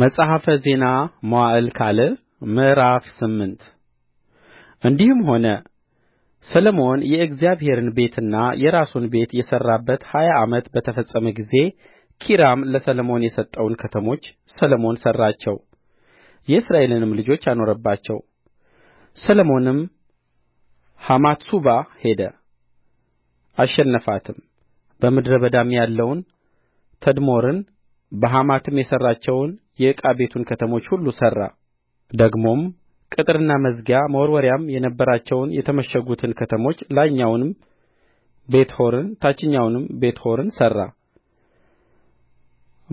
መጽሐፈ ዜና መዋዕል ካልዕ ምዕራፍ ስምንት እንዲህም ሆነ ሰሎሞን የእግዚአብሔርን ቤትና የራሱን ቤት የሠራበት ሀያ ዓመት በተፈጸመ ጊዜ ኪራም ለሰሎሞን የሰጠውን ከተሞች ሰሎሞን ሠራቸው፣ የእስራኤልንም ልጆች አኖረባቸው። ሰሎሞንም ሐማትሱባ ሄደ፣ አሸነፋትም። በምድረ በዳም ያለውን ተድሞርን በሐማትም የሠራቸውን የዕቃ ቤቱን ከተሞች ሁሉ ሠራ ደግሞም ቅጥርና መዝጊያ መወርወሪያም የነበራቸውን የተመሸጉትን ከተሞች ላይኛውንም ቤትሖሮን ታችኛውንም ቤትሖሮን ሠራ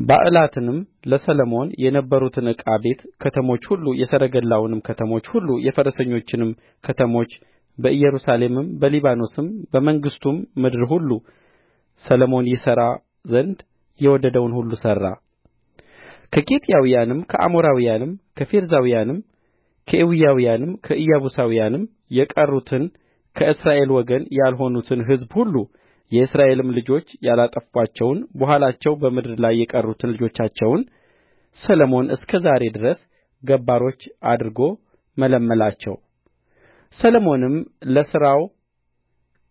ባዕላትንም ለሰሎሞን የነበሩትን ዕቃ ቤት ከተሞች ሁሉ የሰረገላውንም ከተሞች ሁሉ የፈረሰኞችንም ከተሞች በኢየሩሳሌምም በሊባኖስም በመንግሥቱም ምድር ሁሉ ሰሎሞን ይሠራ ዘንድ የወደደውን ሁሉ ሠራ ከኬጢያውያንም ከአሞራውያንም ከፌርዛውያንም ከኤዊያውያንም ከኢያቡሳውያንም የቀሩትን ከእስራኤል ወገን ያልሆኑትን ሕዝብ ሁሉ የእስራኤልም ልጆች ያላጠፉአቸውን በኋላቸው በምድር ላይ የቀሩትን ልጆቻቸውን ሰሎሞን እስከ ዛሬ ድረስ ገባሮች አድርጎ መለመላቸው። ሰሎሞንም ለሥራው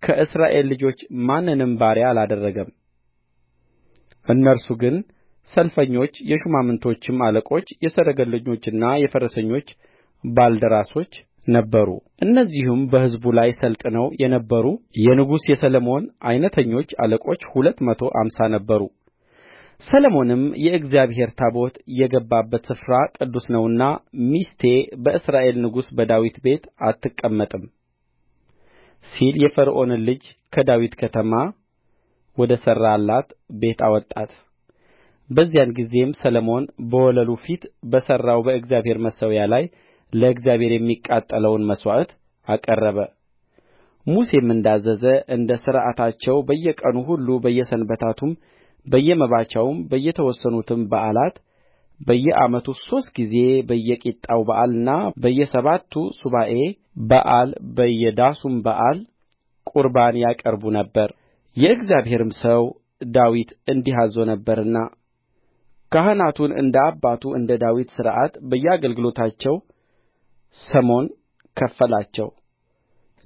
ከእስራኤል ልጆች ማንንም ባሪያ አላደረገም። እነርሱ ግን ሰልፈኞች የሹማምቶችም አለቆች የሰረገለኞችና የፈረሰኞች ባልደራሶች ነበሩ እነዚህም በሕዝቡ ላይ ሠልጥነው የነበሩ የንጉሡ የሰሎሞን ዓይነተኞች አለቆች ሁለት መቶ አምሳ ነበሩ ሰሎሞንም የእግዚአብሔር ታቦት የገባበት ስፍራ ቅዱስ ነውና ሚስቴ በእስራኤል ንጉሥ በዳዊት ቤት አትቀመጥም ሲል የፈርዖንን ልጅ ከዳዊት ከተማ ወደ ሠራላት ቤት አወጣት በዚያን ጊዜም ሰሎሞን በወለሉ ፊት በሠራው በእግዚአብሔር መሠዊያ ላይ ለእግዚአብሔር የሚቃጠለውን መሥዋዕት አቀረበ። ሙሴም እንዳዘዘ እንደ ሥርዓታቸው በየቀኑ ሁሉ በየሰንበታቱም በየመባቻውም በየተወሰኑትም በዓላት በየዓመቱ ሦስት ጊዜ በየቂጣው በዓልና በየሰባቱ ሱባዔ በዓል በየዳሱም በዓል ቁርባን ያቀርቡ ነበር። የእግዚአብሔርም ሰው ዳዊት እንዲህ አዝዞ ነበርና ካህናቱን እንደ አባቱ እንደ ዳዊት ሥርዓት በየአገልግሎታቸው ሰሞን ከፈላቸው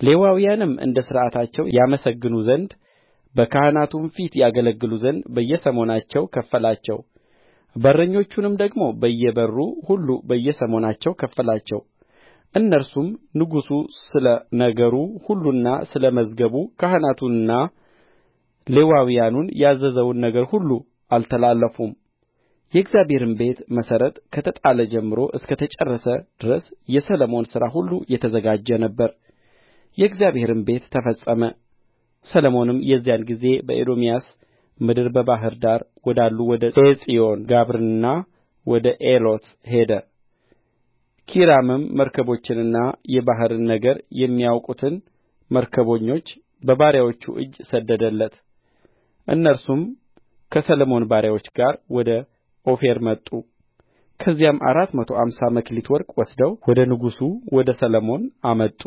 ሌዋውያንም እንደ ሥርዓታቸው ያመሰግኑ ዘንድ በካህናቱም ፊት ያገለግሉ ዘንድ በየሰሞናቸው ከፈላቸው በረኞቹንም ደግሞ በየበሩ ሁሉ በየሰሞናቸው ከፈላቸው። እነርሱም ንጉሡ ስለ ነገሩ ሁሉና ስለ መዝገቡ ካህናቱንና ሌዋውያኑን ያዘዘውን ነገር ሁሉ አልተላለፉም የእግዚአብሔርም ቤት መሠረት ከተጣለ ጀምሮ እስከ ተጨረሰ ድረስ የሰሎሞን ሥራ ሁሉ የተዘጋጀ ነበረ የእግዚአብሔርም ቤት ተፈጸመ ሰሎሞንም የዚያን ጊዜ በኤዶምያስ ምድር በባሕር ዳር ወዳሉ ወደ ዔጽዮንጋብርና ወደ ኤሎት ሄደ ኪራምም መርከቦችንና የባሕርን ነገር የሚያውቁትን መርከበኞች በባሪያዎቹ እጅ ሰደደለት እነርሱም ከሰሎሞን ባሪያዎች ጋር ወደ ኦፊር መጡ ከዚያም አራት መቶ አምሳ መክሊት ወርቅ ወስደው ወደ ንጉሡ ወደ ሰሎሞን አመጡ